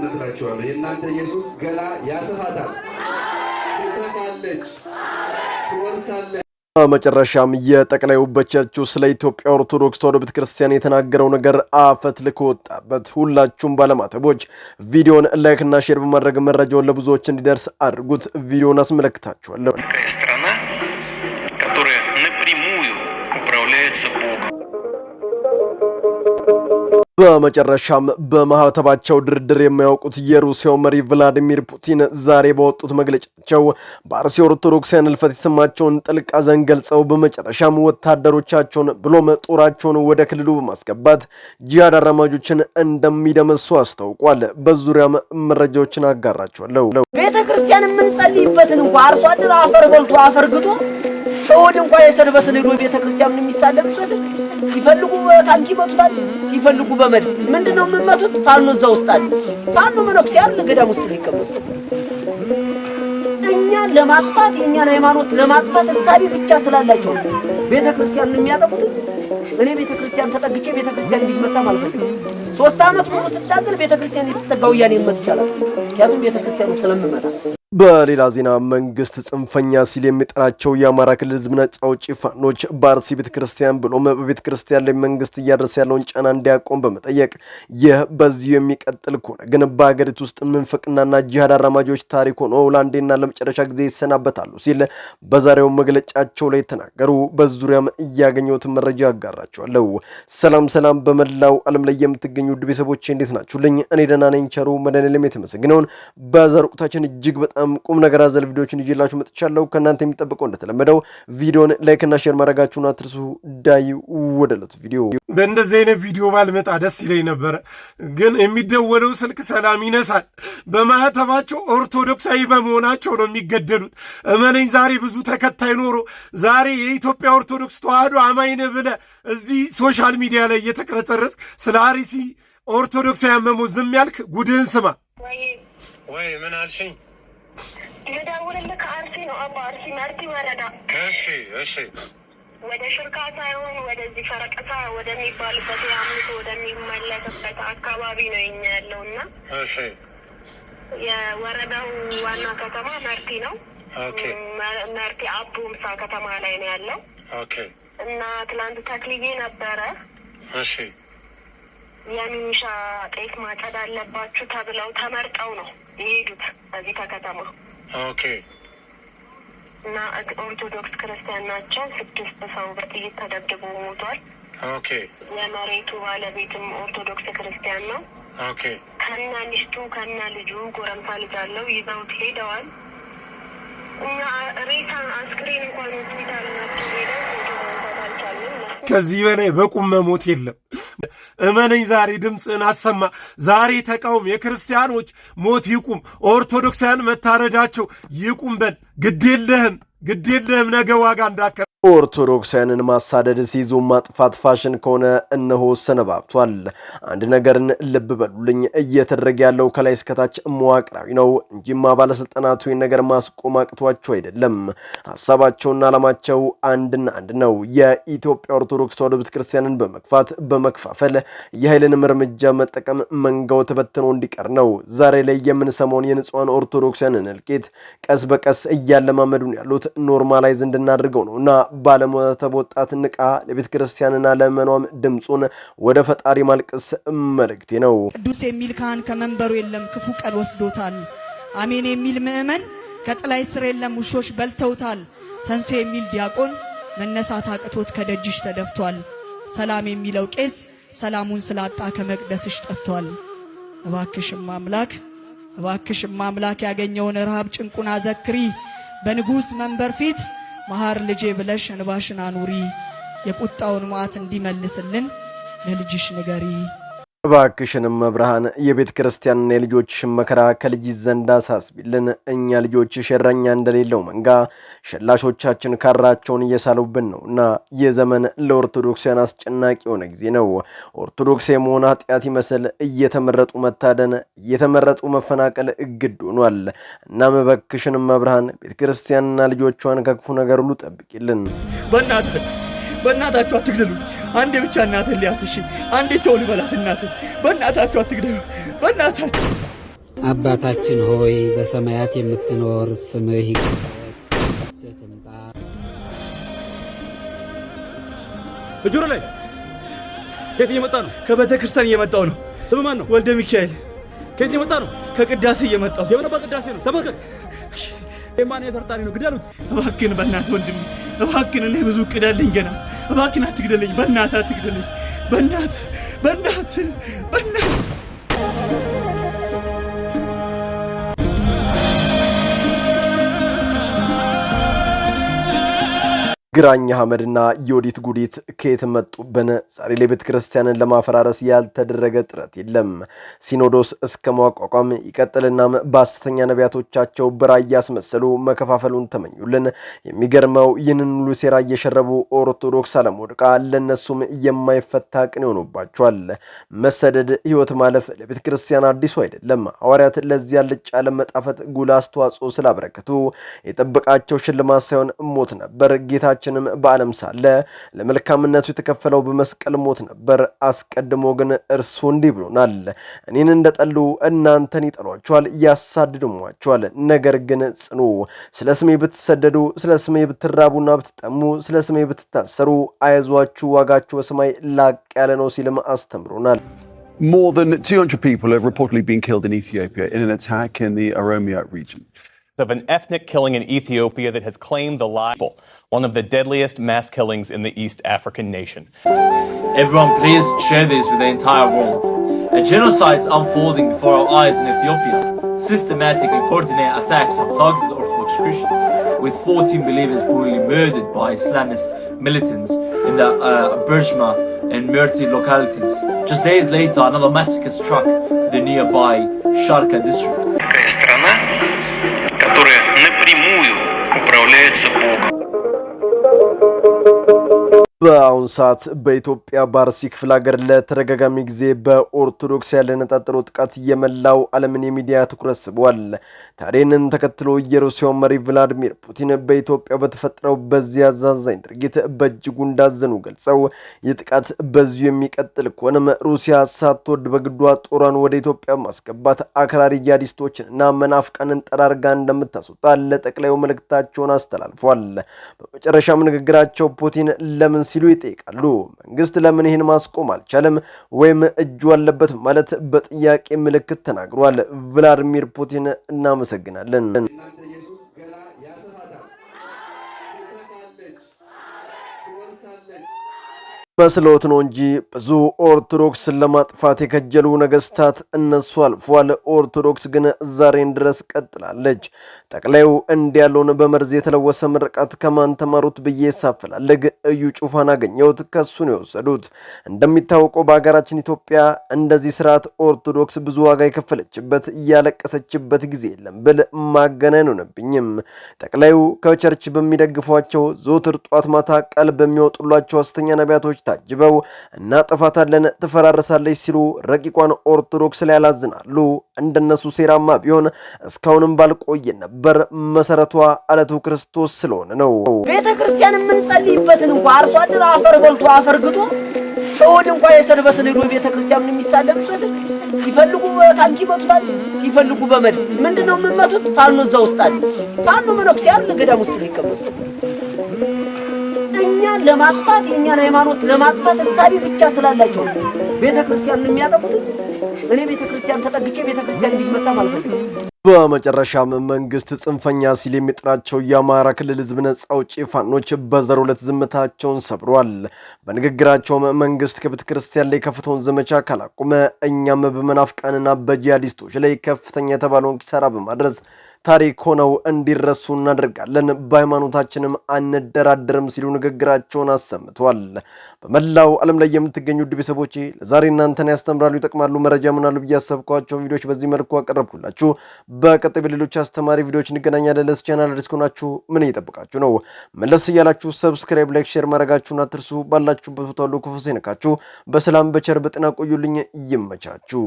ገነት እላችኋለሁ። የእናንተ ኢየሱስ ገላ ያሰፋታል፣ ትሰፋለች፣ ትወርሳለች። በመጨረሻም የጠቅላይ ውበቻችሁ ስለ ኢትዮጵያ ኦርቶዶክስ ተዋሕዶ ቤተክርስቲያን የተናገረው ነገር አፈት ልኮ ወጣበት። ሁላችሁም ባለማተቦች ቪዲዮን ላይክና ሼር በማድረግ መረጃውን ለብዙዎች እንዲደርስ አድርጉት። ቪዲዮን አስመለክታችኋለሁ። በመጨረሻም በማህተባቸው ድርድር የማያውቁት የሩሲያው መሪ ቭላዲሚር ፑቲን ዛሬ በወጡት መግለጫቸው በአርሲ ኦርቶዶክሳውያን እልፈት የተሰማቸውን ጥልቅ ሐዘን ገልጸው በመጨረሻም ወታደሮቻቸውን ብሎም ጦራቸውን ወደ ክልሉ በማስገባት ጂሃድ አራማጆችን እንደሚደመሱ አስታውቋል። በዙሪያም መረጃዎችን አጋራቸዋለሁ። ቤተ ክርስቲያን የምንጸልይበትን እንኳ አርሶ አደር አፈር በልቶ አፈር ግጦ እሑድ እንኳ የሰንበትን ሄዶ ቤተ ክርስቲያኑን የሚሳለምበትን ሲፈልጉ በታንኪ ይመቱታል፣ ሲፈልጉ በመድ ምንድን ነው የምመቱት? ፋኖ እዛ ውስጥ አለ። ፋኖ መነኩሴ ያለ ገዳም ውስጥ የሚቀመጡ እኛን ለማጥፋት የእኛን ሃይማኖት ለማጥፋት እሳቤ ብቻ ስላላቸው ቤተ ክርስቲያኑን የሚያጠፉት። እኔ ቤተ ክርስቲያን ተጠግቼ ቤተ ክርስቲያን እንዲመታ ማለት ነው። ሶስት ዓመት ሙሉ ስታገል ቤተ ክርስቲያን የተጠጋ ወያኔ መት ይቻላል። ምክንያቱም ቤተ ክርስቲያኑ በሌላ ዜና መንግስት ጽንፈኛ ሲል የሚጠራቸው የአማራ ክልል ህዝብ ነጻ አውጪ ፋኖች በአርሲ ቤተ ክርስቲያን ብሎም በቤተ ክርስቲያን ላይ መንግስት እያደረሰ ያለውን ጫና እንዲያቆም በመጠየቅ ይህ በዚሁ የሚቀጥል ከሆነ ግን በሀገሪቱ ውስጥ ምንፍቅናና ጂሃድ አራማጆች ታሪክ ሆኖ ለአንዴና ለመጨረሻ ጊዜ ይሰናበታሉ ሲል በዛሬው መግለጫቸው ላይ ተናገሩ። በዙሪያም እያገኘሁትን መረጃ አጋራቸዋለሁ። ሰላም ሰላም፣ በመላው ዓለም ላይ የምትገኙ ውድ ቤተሰቦች እንዴት ናችሁልኝ? እኔ ደህና ነኝ። ቸሩ መድኃኔዓለም የተመሰገነውን በዛሬው ወቅታችን እጅግ በጣም በጣም ቁም ነገር አዘል ቪዲዮችን ይዤላችሁ መጥቻለሁ። ከእናንተ የሚጠበቀው እንደተለመደው ቪዲዮን ላይክና ሼር ማድረጋችሁን አትርሱ። ዳይ ወደለት ቪዲዮ በእንደዚህ አይነት ቪዲዮ ባልመጣ ደስ ይለኝ ነበረ፣ ግን የሚደወለው ስልክ ሰላም ይነሳል። በማህተባቸው ኦርቶዶክሳዊ በመሆናቸው ነው የሚገደሉት። እመነኝ፣ ዛሬ ብዙ ተከታይ ኖሮ ዛሬ የኢትዮጵያ ኦርቶዶክስ ተዋህዶ አማይነ ብለ እዚህ ሶሻል ሚዲያ ላይ እየተቅረጸረስ ስለ አርሲ ኦርቶዶክስ ያመሙ ዝም ያልክ ጉድህን ስማ ወይ ምን አልሽኝ? የደውልልህ ከአርሲ ነው አባ አርሲ መርቲ ወረዳ። እሺ እሺ። ወደ ሽርካ ሳይሆን ወደዚህ ፈረቀሳ ወደሚባልበት የአምልኮ ወደሚመለስበት አካባቢ ነው የኛ ያለው እና እሺ። የወረዳው ዋና ከተማ መርቲ ነው። ኦኬ። መርቲ አቦምሳ ከተማ ላይ ነው ያለው። እና ትላንት ተክልዬ ነበረ። እሺ የሚኒሻ ጤፍ ማጨድ አለባችሁ ተብለው ተመርጠው ነው የሄዱት በዚህ ከከተማ። ኦኬ እና ኦርቶዶክስ ክርስቲያን ናቸው። ስድስት ሰው በጥይት ተደብድቦ ሞቷል። ኦኬ የመሬቱ ባለቤትም ኦርቶዶክስ ክርስቲያን ነው። ኦኬ ከና ሚስቱ ከና ልጁ ጎረምሳ ልጅ አለው ይዘውት ሄደዋል። እኛ ሬሳ አስክሬን እንኳን ሆስፒታል ናቸው ሄደው ከዚህ በላይ በቁም መሞት የለም። እመነኝ፣ ዛሬ ድምፅን አሰማ። ዛሬ ተቃውም። የክርስቲያኖች ሞት ይቁም። ኦርቶዶክሳውያን መታረዳቸው ይቁም። በል ግድ የለህም፣ ግድ የለህም ነገ ዋጋ እንዳከፍል ኦርቶዶክሳውያንን ማሳደድ ሲይዙ ማጥፋት ፋሽን ከሆነ እነሆ ሰነባብቷል። አንድ ነገርን ልብ በሉልኝ፣ እየተደረገ ያለው ከላይ እስከታች መዋቅራዊ ነው እንጂማ ባለስልጣናቱ ነገር ማስቆም አቅቷቸው አይደለም። ሀሳባቸውና አላማቸው አንድና አንድ ነው። የኢትዮጵያ ኦርቶዶክስ ተዋሕዶ ቤተክርስቲያንን በመግፋት በመከፋፈል የኃይልንም እርምጃ መጠቀም መንጋው ተበትኖ እንዲቀር ነው። ዛሬ ላይ የምንሰማውን የንጹሐን ኦርቶዶክሳውያንን እልቂት ቀስ በቀስ እያለማመዱን ያሉት ኖርማላይዝ እንድናደርገው ነውና ባለሞተብ ወጣት ንቃ ለቤተ ክርስቲያንና ለመኖም ድምፁን ወደ ፈጣሪ ማልቅስ መልእክቴ ነው። ቅዱስ የሚል ካህን ከመንበሩ የለም፣ ክፉ ቀን ወስዶታል። አሜን የሚል ምእመን ከጥላይ ስር የለም፣ ውሾች በልተውታል። ተንሶ የሚል ዲያቆን መነሳት አቅቶት ከደጅሽ ተደፍቷል። ሰላም የሚለው ቄስ ሰላሙን ስላጣ ከመቅደስሽ ጠፍቷል። እባክሽም አምላክ እባክሽም አምላክ ያገኘውን ረሃብ ጭንቁን አዘክሪ በንጉሥ መንበር ፊት መሐር ልጄ ብለሽ እንባሽን አኑሪ፣ የቁጣውን መዓት እንዲመልስልን ለልጅሽ ንገሪ። እባክሽንም መብርሃን የቤተ ክርስቲያንና የልጆችሽን መከራ ከልጅሽ ዘንድ አሳስቢልን። እኛ ልጆች ሸረኛ እንደሌለው መንጋ ሸላሾቻችን ካራቸውን እየሳሉብን ነው እና የዘመን ለኦርቶዶክሲያን አስጨናቂ የሆነ ጊዜ ነው። ኦርቶዶክስ የመሆን ኃጢአት ይመስል እየተመረጡ መታደን፣ እየተመረጡ መፈናቀል እግድ ሆኗል። እናም እባክሽን መብርሃን ቤተ ክርስቲያንና ልጆቿን ከክፉ ነገር ሁሉ ጠብቂልን። በእናታችሁ አትግደሉ አንዴ ብቻ እናትህን ሊያት እሺ፣ አንዴ ቸው ልበላት እናትህን። በእናታችሁ አትግደሉ፣ በእናታችሁ። አባታችን ሆይ በሰማያት የምትኖር ስምህ ይቀደስ፣ መንግስትህ እጆሮ ላይ ከየት እየመጣ ነው? ከቤተ ክርስቲያን እየመጣው ነው። ስም ማን ነው? ወልደ ሚካኤል። ከየት እየመጣ ነው? ከቅዳሴ እየመጣው የምነባ ቅዳሴ ነው። ተመልከት የማን የተርጣሪ ነው? ግደሉት እባክን፣ በእናት ወንድም እባክን፣ እኔ ብዙ እቅዳለኝ ገና። እባክን አትግደለኝ፣ በእናት አትግደለኝ፣ በእናት በእናት በእናት ግራኝ አህመድና የወዲት ጉዲት ከየት መጡብን? ዛሬ ላይ ክርስቲያንን ለማፈራረስ ያልተደረገ ጥረት የለም። ሲኖዶስ እስከ ማቋቋም ይቀጥልናም በሐሰተኛ ነቢያቶቻቸው ብራ እያስመሰሉ መከፋፈሉን ተመኙልን። የሚገርመው ይህንን ሁሉ ሴራ እየሸረቡ ኦርቶዶክስ አለመውደቃ ለእነሱም የማይፈታ ቅን ይሆኑባቸዋል። መሰደድ፣ ህይወት ማለፍ ለቤተ ክርስቲያን አዲሱ አይደለም። ሐዋርያት ለዚያ ልጭ ዓለም መጣፈት ጉል አስተዋጽኦ ስላበረከቱ የጠበቃቸው ሽልማት ሳይሆን ሞት ነበር ጌታ ጌታችንም በዓለም ሳለ ለመልካምነቱ የተከፈለው በመስቀል ሞት ነበር። አስቀድሞ ግን እርሱ እንዲህ ብሎናል፣ እኔን እንደጠሉ እናንተን ይጠሏችኋል፣ ያሳድዱሟችኋል። ነገር ግን ጽኑ፣ ስለ ስሜ ብትሰደዱ፣ ስለ ስሜ ብትራቡና ብትጠሙ፣ ስለ ስሜ ብትታሰሩ፣ አይዟችሁ ዋጋችሁ በሰማይ ላቅ ያለ ነው ሲልም አስተምሮናል። More than 200 people have reportedly been killed in Ethiopia in an attack in the Oromia region. of an ethnic killing in Ethiopia that has claimed the lives of one of the deadliest mass killings in the East African nation. Everyone, please share this with the entire world. A genocide is unfolding before our eyes in Ethiopia. Systematic and coordinated attacks have targeted Orthodox Christians, with 14 believers brutally murdered by Islamist militants in the uh, and Merti localities. Just days later, another massacre struck the nearby Sharka district. которая напрямую управляется Богом. በአሁን ሰዓት በኢትዮጵያ ባርሲ ክፍለ ሀገር ለተደጋጋሚ ጊዜ በኦርቶዶክስ ያነጣጠረው ጥቃት የመላው ዓለምን የሚዲያ ትኩረት ስቧል። ታዲያንን ተከትሎ የሩሲያው መሪ ቭላዲሚር ፑቲን በኢትዮጵያ በተፈጠረው በዚህ አዛዛኝ ድርጊት በእጅጉ እንዳዘኑ ገልጸው ይህ ጥቃት በዚሁ የሚቀጥል ከሆነም ሩሲያ ሳትወድ በግዷ ጦሯን ወደ ኢትዮጵያ ማስገባት አክራሪ እና መናፍቃንን ጠራርጋ እንደምታስወጣ ለጠቅላዩ መልእክታቸውን አስተላልፏል። በመጨረሻም ንግግራቸው ፑቲን ለምን ሲሉ ይጠይቃሉ። መንግስት ለምን ይህን ማስቆም አልቻለም ወይም እጁ አለበት ማለት በጥያቄ ምልክት ተናግሯል። ቭላድሚር ፑቲን እናመሰግናለን። መስሎት ነው እንጂ ብዙ ኦርቶዶክስን ለማጥፋት የከጀሉ ነገስታት እነሱ አልፏል። ኦርቶዶክስ ግን ዛሬን ድረስ ቀጥላለች። ጠቅላዩ ያለውን በመርዝ የተለወሰ ምርቃት ከማን ተማሩት ብዬ ሳፈላልግ እዩ ጩፋን አገኘሁት። ከሱን የወሰዱት እንደሚታወቀው በሀገራችን ኢትዮጵያ እንደዚህ ስርዓት ኦርቶዶክስ ብዙ ዋጋ የከፈለችበት እያለቀሰችበት ጊዜ የለም ብል ማገናኝ ሆነብኝም። ጠቅላዩ ከቸርች በሚደግፏቸው ዘወትር ጧት ማታ ቃል በሚወጡላቸው ሐሰተኛ ነቢያቶች ታጅበው እናጠፋታለን፣ ትፈራረሳለች ሲሉ ረቂቋን ኦርቶዶክስ ላይ ያላዝናሉ። እንደነሱ ሴራማ ቢሆን እስካሁንም ባልቆየን ነበር። መሰረቷ አለቱ ክርስቶስ ስለሆነ ነው። ቤተ ክርስቲያን የምንጸልይበትን እንኳ አርሶ አደር አፈር በልቶ አፈር ግጦ እሑድ እንኳ የሰንበትን ሄዶ ቤተ ክርስቲያኑን የሚሳለምበትን ሲፈልጉ በታንኪ ይመቱታል፣ ሲፈልጉ በመድ ምንድነው የምመቱት? ፋኖ እዛ ውስጥ አለ። ፋኖ መነኩሴ ያለ ገዳም ውስጥ ሊቀመጡ ክርስቲያን ለማጥፋት የእኛን ሃይማኖት ለማጥፋት እሳቤ ብቻ ስላላቸው ቤተ ክርስቲያን የሚያጠፉት እኔ ቤተ ክርስቲያን ተጠግቼ ቤተ ክርስቲያን ማለት ነው። በመጨረሻም መንግስት ጽንፈኛ ሲል የሚጠራቸው የአማራ ክልል ህዝብ ነጻ አውጪ ፋኖች በዘር ሁለት ዝምታቸውን ሰብሯል። በንግግራቸውም መንግስት ከቤተ ክርስቲያን ላይ የከፈተውን ዘመቻ ካላቁመ እኛም በመናፍቃንና በጂሃዲስቶች ላይ ከፍተኛ የተባለውን ኪሳራ በማድረስ ታሪክ ሆነው እንዲረሱ እናደርጋለን፣ በሃይማኖታችንም አንደራደርም ሲሉ ንግግራቸውን አሰምተዋል። በመላው ዓለም ላይ የምትገኙ ውድ ቤተሰቦቼ ለዛሬ እናንተን ያስተምራሉ፣ ይጠቅማሉ፣ መረጃ ምናሉ ብዬ ያሰብኳቸውን ቪዲዮዎች በዚህ መልኩ አቀረብኩላችሁ። በቀጣይ በሌሎች አስተማሪ ቪዲዮዎች እንገናኛለን። ለስ ቻናል አዲስ ከሆናችሁ ምን እየጠበቃችሁ ነው? መለስ እያላችሁ ሰብስክራይብ፣ ላይክ፣ ሼር ማድረጋችሁን አትርሱ። ባላችሁበት ቦታ ሁሉ ክፉ ሳይነካችሁ በሰላም በቸር በጤና ቆዩልኝ። ይመቻችሁ።